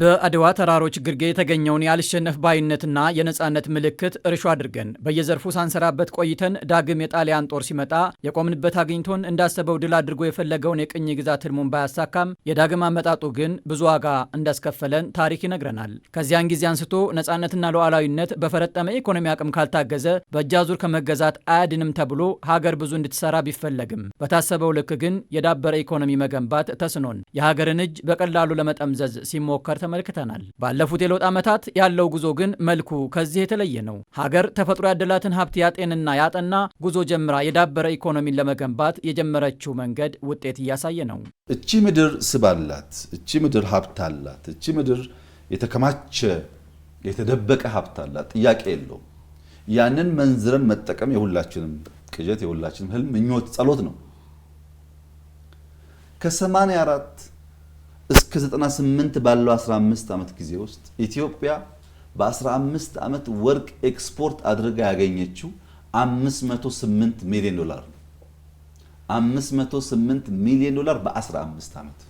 በአድዋ ተራሮች ግርጌ የተገኘውን የአልሸነፍ ባይነትና የነፃነት ምልክት እርሾ አድርገን በየዘርፉ ሳንሰራበት ቆይተን ዳግም የጣሊያን ጦር ሲመጣ የቆምንበት አግኝቶን እንዳሰበው ድል አድርጎ የፈለገውን የቅኝ ግዛት ህልሙን ባያሳካም የዳግም አመጣጡ ግን ብዙ ዋጋ እንዳስከፈለን ታሪክ ይነግረናል። ከዚያን ጊዜ አንስቶ ነፃነትና ሉዓላዊነት በፈረጠመ የኢኮኖሚ አቅም ካልታገዘ በእጅ አዙር ከመገዛት አያድንም ተብሎ ሀገር ብዙ እንድትሰራ ቢፈለግም በታሰበው ልክ ግን የዳበረ ኢኮኖሚ መገንባት ተስኖን የሀገርን እጅ በቀላሉ ለመጠምዘዝ ሲሞከር ተመልክተናል። ባለፉት የለውጥ ዓመታት ያለው ጉዞ ግን መልኩ ከዚህ የተለየ ነው። ሀገር ተፈጥሮ ያደላትን ሀብት ያጤንና ያጠና ጉዞ ጀምራ የዳበረ ኢኮኖሚን ለመገንባት የጀመረችው መንገድ ውጤት እያሳየ ነው። እቺ ምድር ስባላት፣ እቺ ምድር ሀብት አላት፣ እቺ ምድር የተከማቸ የተደበቀ ሀብት አላት፣ ጥያቄ የለው ያንን መንዝረን መጠቀም የሁላችንም ቅዠት የሁላችንም ህልም፣ ምኞት፣ ጸሎት ነው። ከ84 እስከ 98 ባለው 15 ዓመት ጊዜ ውስጥ ኢትዮጵያ በ15 ዓመት ወርቅ ኤክስፖርት አድርጋ ያገኘችው 508 ሚሊዮን ዶላር ነው። 508 ሚሊዮን ዶላር በ15 ዓመት።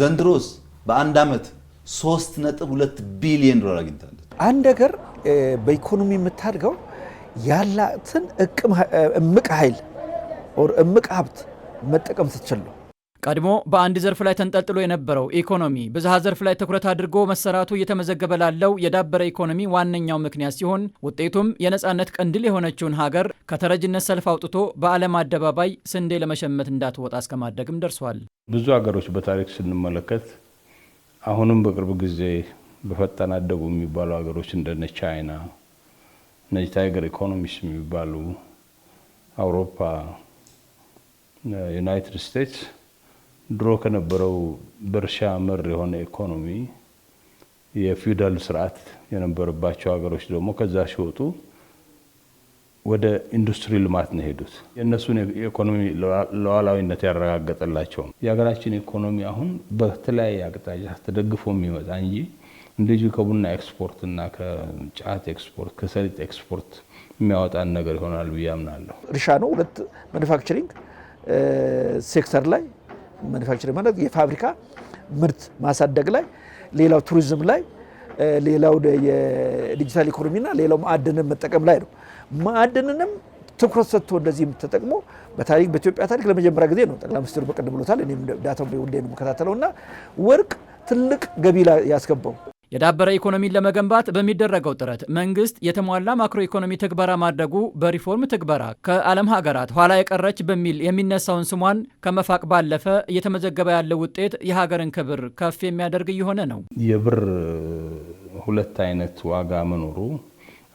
ዘንድሮስ በአንድ ዓመት 3.2 ቢሊዮን ዶላር አግኝታለች። አንድ ሀገር በኢኮኖሚ የምታድገው ያላትን እምቅ ኃይል እምቅ ሀብት መጠቀም ስትችል ነው። ቀድሞ በአንድ ዘርፍ ላይ ተንጠልጥሎ የነበረው ኢኮኖሚ ብዝሃ ዘርፍ ላይ ትኩረት አድርጎ መሰራቱ እየተመዘገበ ላለው የዳበረ ኢኮኖሚ ዋነኛው ምክንያት ሲሆን ውጤቱም የነጻነት ቀንድል የሆነችውን ሀገር ከተረጅነት ሰልፍ አውጥቶ በዓለም አደባባይ ስንዴ ለመሸመት እንዳትወጣ እስከማደግም ደርሷል። ብዙ ሀገሮች በታሪክ ስንመለከት አሁንም በቅርብ ጊዜ በፈጣን አደጉ የሚባሉ ሀገሮች እንደነ ቻይና እነዚህ ታይገር ኢኮኖሚስ የሚባሉ አውሮፓ፣ ዩናይትድ ስቴትስ ድሮ ከነበረው በእርሻ መር የሆነ ኢኮኖሚ የፊውዳል ስርዓት የነበረባቸው ሀገሮች ደግሞ ከዛ ሲወጡ ወደ ኢንዱስትሪ ልማት ነው ሄዱት። የእነሱን የኢኮኖሚ ሉዓላዊነት ያረጋገጠላቸው የሀገራችን ኢኮኖሚ አሁን በተለያየ አቅጣጫ ተደግፎ የሚመጣ እንጂ እንደዚሁ ከቡና ኤክስፖርት እና ከጫት ኤክስፖርት ከሰሊጥ ኤክስፖርት የሚያወጣን ነገር ይሆናል ብዬ አምናለሁ። እርሻ ነው ሁለት ማኒፋክቸሪንግ ሴክተር ላይ ማኒፋክቸሪንግ ማለት የፋብሪካ ምርት ማሳደግ ላይ፣ ሌላው ቱሪዝም ላይ፣ ሌላው የዲጂታል ኢኮኖሚና ሌላው ማዕድንን መጠቀም ላይ ነው። ማዕድንንም ትኩረት ሰጥቶ እንደዚህ ተጠቅሞ በታሪክ በኢትዮጵያ ታሪክ ለመጀመሪያ ጊዜ ነው። ጠቅላይ ሚኒስትሩ በቀደም ብሎታል። እኔም ዳታውን ሁሌ ነው የምከታተለው እና ወርቅ ትልቅ ገቢ ያስገባው የዳበረ ኢኮኖሚን ለመገንባት በሚደረገው ጥረት መንግስት የተሟላ ማክሮ ኢኮኖሚ ትግበራ ማድረጉ በሪፎርም ትግበራ ከዓለም ሀገራት ኋላ የቀረች በሚል የሚነሳውን ስሟን ከመፋቅ ባለፈ እየተመዘገበ ያለው ውጤት የሀገርን ክብር ከፍ የሚያደርግ እየሆነ ነው። የብር ሁለት አይነት ዋጋ መኖሩ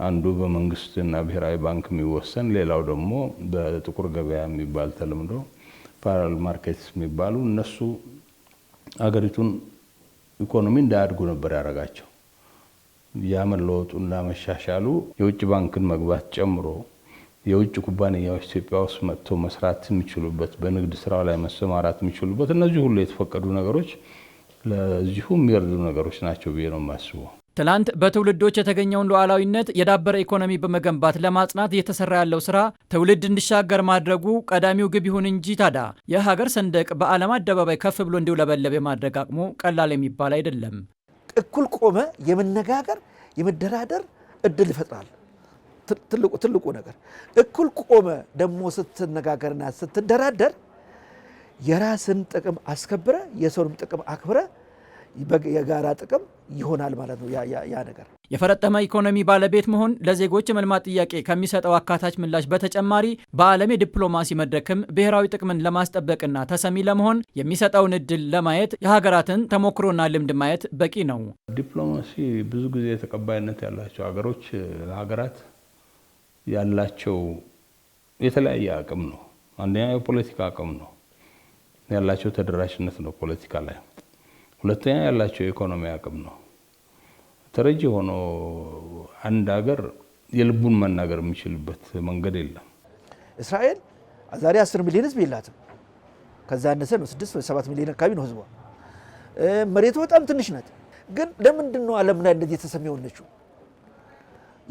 አንዱ በመንግስትና ብሔራዊ ባንክ የሚወሰን ሌላው ደግሞ በጥቁር ገበያ የሚባል ተለምዶ ፓራል ማርኬትስ የሚባሉ እነሱ አገሪቱን ኢኮኖሚ እንዳያድጉ ነበር ያደረጋቸው። ያ መለወጡና መሻሻሉ የውጭ ባንክን መግባት ጨምሮ የውጭ ኩባንያዎች ኢትዮጵያ ውስጥ መጥቶ መስራት የሚችሉበት በንግድ ስራው ላይ መሰማራት የሚችሉበት እነዚህ ሁሉ የተፈቀዱ ነገሮች ለዚሁ የሚረዱ ነገሮች ናቸው ብዬ ነው የማስበው። ትላንት በትውልዶች የተገኘውን ሉዓላዊነት የዳበረ ኢኮኖሚ በመገንባት ለማጽናት እየተሰራ ያለው ስራ ትውልድ እንዲሻገር ማድረጉ ቀዳሚው ግብ ይሁን እንጂ ታዳ የሀገር ሰንደቅ በዓለም አደባባይ ከፍ ብሎ እንዲውለበለብ የማድረግ አቅሙ ቀላል የሚባል አይደለም። እኩል ቆመ የመነጋገር የመደራደር እድል ይፈጥራል። ትልቁ ነገር እኩል ቆመ ደግሞ ስትነጋገርና ስትደራደር የራስን ጥቅም አስከብረ የሰውንም ጥቅም አክብረ የጋራ ጥቅም ይሆናል ማለት ነው ያ ነገር። የፈረጠመ ኢኮኖሚ ባለቤት መሆን ለዜጎች የመልማት ጥያቄ ከሚሰጠው አካታች ምላሽ በተጨማሪ በዓለም የዲፕሎማሲ መድረክም ብሔራዊ ጥቅምን ለማስጠበቅና ተሰሚ ለመሆን የሚሰጠውን እድል ለማየት የሀገራትን ተሞክሮና ልምድ ማየት በቂ ነው። ዲፕሎማሲ ብዙ ጊዜ ተቀባይነት ያላቸው ሀገሮች ሀገራት ያላቸው የተለያየ አቅም ነው። አንደኛ የፖለቲካ አቅም ነው ያላቸው ተደራሽነት ነው ፖለቲካ ላይ ሁለተኛ ያላቸው የኢኮኖሚ አቅም ነው። ተረጂ ሆኖ አንድ ሀገር የልቡን መናገር የሚችልበት መንገድ የለም። እስራኤል ዛሬ 10 ሚሊዮን ህዝብ የላትም። ከዛ ያነሰ ነው፣ 6 ወይ 7 ሚሊዮን አካባቢ ነው ህዝቧ። መሬቱ በጣም ትንሽ ናት። ግን ለምንድን ነው ዓለም ላይ እንደዚህ የተሰሚው ነችው?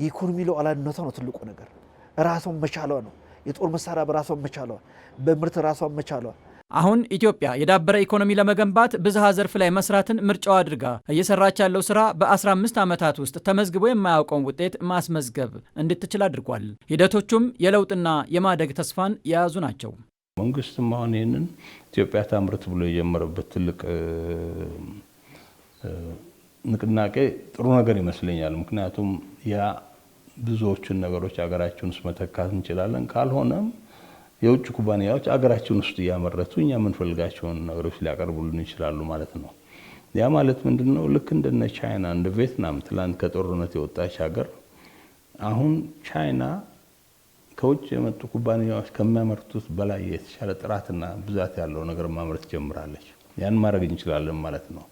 የኢኮኖሚ ሉዓላዊነቷ ነው ትልቁ ነገር። ራሷን መቻሏ ነው። የጦር መሳሪያ በራሷን መቻሏ፣ በምርት ራሷን መቻሏ አሁን ኢትዮጵያ የዳበረ ኢኮኖሚ ለመገንባት ብዝሃ ዘርፍ ላይ መስራትን ምርጫው አድርጋ እየሰራች ያለው ስራ በ15 ዓመታት ውስጥ ተመዝግቦ የማያውቀውን ውጤት ማስመዝገብ እንድትችል አድርጓል። ሂደቶቹም የለውጥና የማደግ ተስፋን የያዙ ናቸው። መንግስትም አሁን ይህንን ኢትዮጵያ ታምርት ብሎ የጀመረበት ትልቅ ንቅናቄ ጥሩ ነገር ይመስለኛል። ምክንያቱም ያ ብዙዎቹን ነገሮች ሀገራችን ውስጥ መተካት እንችላለን ካልሆነም የውጭ ኩባንያዎች አገራችን ውስጥ እያመረቱ እኛ የምንፈልጋቸውን ነገሮች ሊያቀርቡልን ይችላሉ ማለት ነው። ያ ማለት ምንድን ነው? ልክ እንደነ ቻይና እንደ ቪየትናም ትላንት ከጦርነት የወጣች ሀገር አሁን ቻይና ከውጭ የመጡ ኩባንያዎች ከሚያመርቱት በላይ የተሻለ ጥራትና ብዛት ያለው ነገር ማምረት ጀምራለች። ያን ማድረግ እንችላለን ማለት ነው።